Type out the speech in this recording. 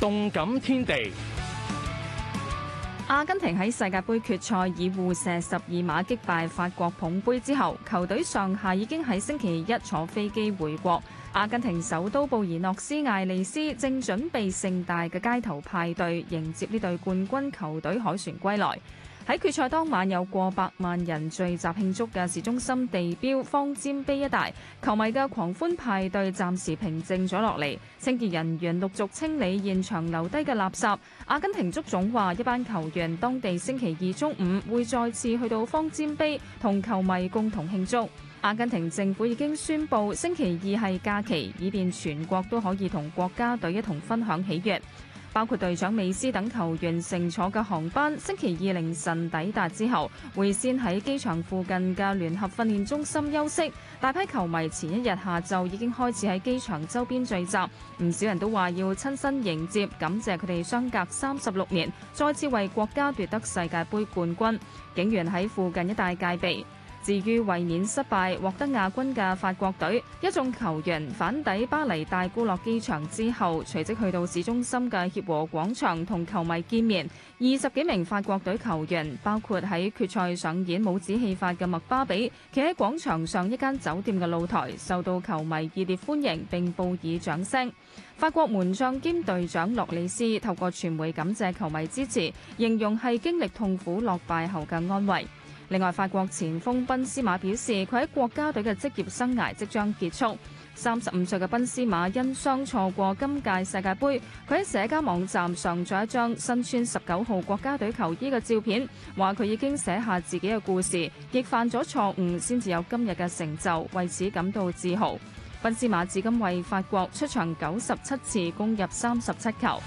動感天地。阿根廷喺世界杯決賽以互射十二碼擊敗法國捧杯之後，球隊上下已經喺星期一坐飛機回國。阿根廷首都布宜諾斯艾利斯正準備盛大嘅街頭派對迎接呢隊冠軍球隊凱旋歸來。喺決賽當晚有過百萬人聚集慶祝嘅市中心地標方尖碑一帶，球迷嘅狂歡派對暫時平靜咗落嚟，清潔人員陸續清理現場留低嘅垃圾。阿根廷足總話：一班球員當地星期二中午會再次去到方尖碑同球迷共同慶祝。阿根廷政府已經宣布星期二係假期，以便全國都可以同國家隊一同分享喜悅。包括隊長美斯等球員乘坐嘅航班，星期二凌晨抵達之後，會先喺機場附近嘅聯合訓練中心休息。大批球迷前一日下晝已經開始喺機場周邊聚集，唔少人都話要親身迎接，感謝佢哋相隔三十六年再次為國家奪得世界盃冠軍。警員喺附近一帶戒備。至於衛冕失敗，獲得亞軍嘅法國隊，一眾球員返抵巴黎戴高樂機場之後，隨即去到市中心嘅協和廣場同球迷見面。二十幾名法國隊球員，包括喺決賽上演帽子戲法嘅麥巴比，企喺廣場上一間酒店嘅露台，受到球迷熱烈歡迎並報以掌聲。法國門將兼隊長洛里斯，透過傳媒感謝球迷支持，形容係經歷痛苦落敗後嘅安慰。另外，法國前鋒賓斯馬表示，佢喺國家隊嘅職業生涯即將結束。三十五歲嘅賓斯馬因傷錯過今屆世界盃，佢喺社交網站上載一張身穿十九號國家隊球衣嘅照片，話佢已經寫下自己嘅故事，亦犯咗錯誤，先至有今日嘅成就，為此感到自豪。賓斯馬至今為法國出場九十七次，攻入三十七球。